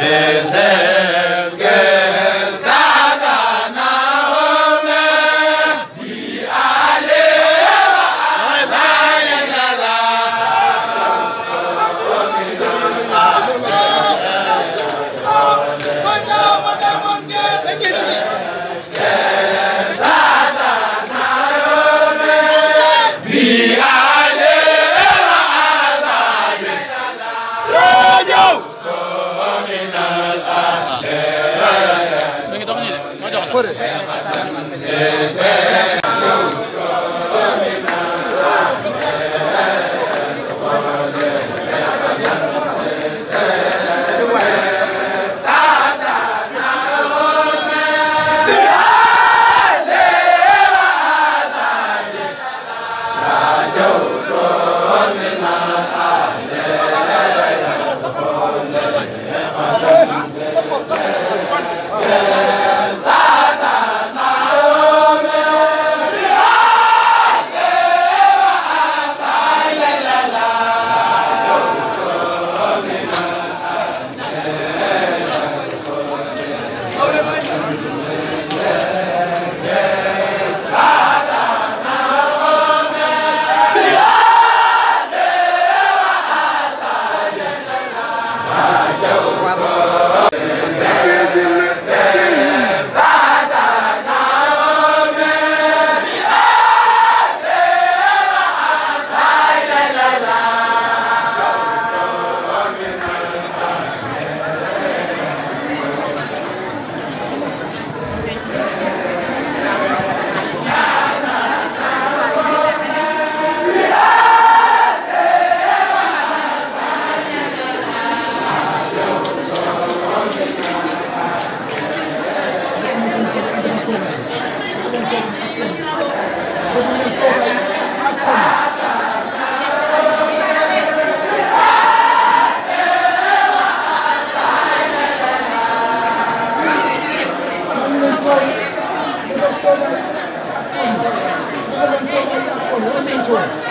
des Tony.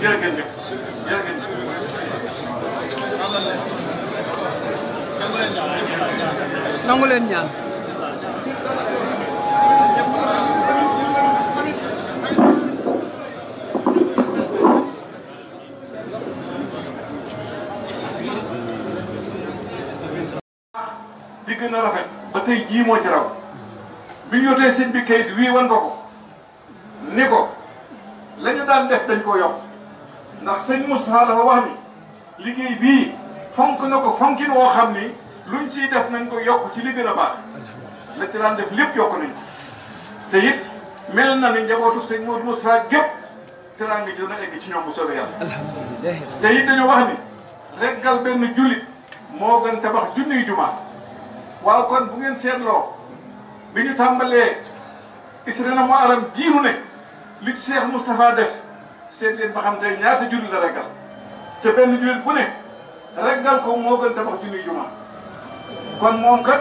jërë ngeen jëf gën a rafet ba tey jii moo ci bi yotee sëñ bi kayit wii wan ko ni ko lañu ñu daan def dañ ko ndax sëñ Moustapha dafa wax ni liggéey bii fonk na ko fonkin woo xam ni luñ ciy def nañ ko yokk ci li gën a baax la ci daan def lépp yokk nañ ko mel na ne njabootu sëñ Modou Moustapha gépp teraanga ji na egg ci ñoom bu soobee yàlla te it dañu wax ni reggal benn jullit moo gën tabax junniy jumaa waaw kon bu ngeen seetloo bi ñu tàmbalee Isra na mu aram jiiru ne li Cheikh Moustapha def seet leen ba xam tey ñaata julli la ragal te benn jullit bu ne ragal ko moo gën tabax junni juma kon moom kat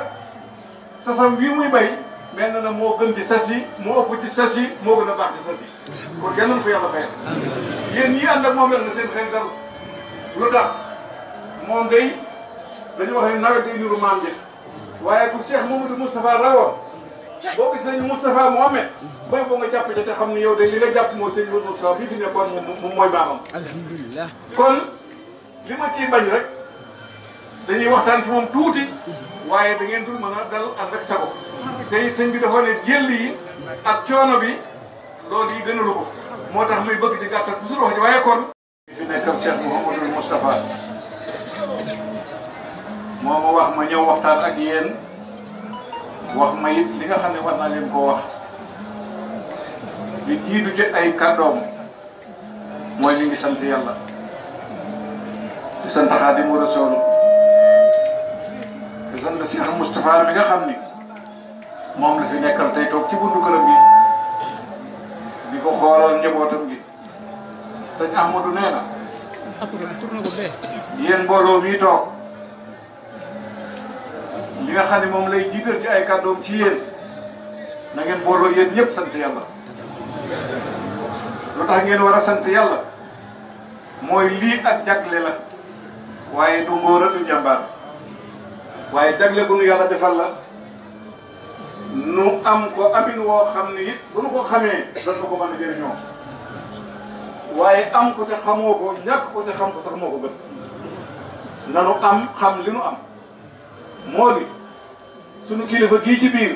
sasam wii muy bay mel na ne moo gën di sas yi moo ëpp ci sas moo gën a baax ci sas yi kon yal na ko yàlla fayal yéen yii ànd ak moom yal na seen xel dal lu tax moom day dañu wax ne nawet day nuru maam ji waaye bu Cheikh Mamadou Moustapha rawoon boo gisee ñu Moustapha Mohamed bay boo nga jàpp te xam ne yow de li nga jàpp moo sëñ Modou Moustapha bii fi nekkoon moom mooy maamam alhamdulilah kon li ma ciy bañ rek dañuy waxtaan ci moom tuuti waaye da ngeen dul mën a dal ànd ak sago tey sëñ bi dafa ne jëll yi ak coono bi loolu yi gënalu ko moo tax muy bëgg ci gàttal toujours wax ji waaye kon fi nekkal Cheikh Mouhamadou moo ma wax ma ñëw waxtaan ak yéen wax ma it li nga xam ne war naa leen koo wax li jiitu ci ay kàddoom mooy li ngi sant yàlla di sant Xaadimu Rasuul di sant Cheikh mi nga xam ni moom la fi nekkal tey toog ci buntu këram bi di ko xoolal njabootam gi sëñ Ahmadou nee na yéen mbooloo mii toog li nga xam ne moom lay jiital ci ay kàddoom ci yéen na ngeen booloo yéen ñëpp sant yàlla lu tax ngeen war a sant yàlla mooy lii ak jagle la waaye du ngóor a du waaye jagle ko nu yàlla defal la nu am ko amin woo xam ne bu nu ko xamee dañu ko mën a jëriñoo waaye am ko te xamoo ko ñàkk ko te xam ko sax moo ko gën nanu am xam li nu am moo di sunu kilifa kii ci biir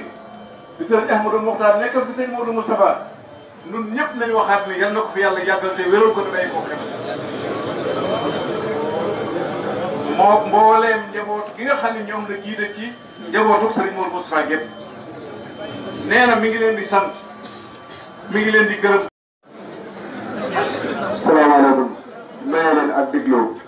di sëriñ Ahmadou Mokhtar nekkal fi sëñ Modou Moustapha ñun ñëpp nañu waxaat ni yal na ko fi yàlla yàggal te wéral ko te day ko moo mbooleem njabootu gi nga xam ne ñoom la jiite ci njabootu sëriñ Modou Moustapha gépp nee na mi ngi leen di sant mi ngi leen di gërëm. salaamaaleykum. maa leen ak dégloo.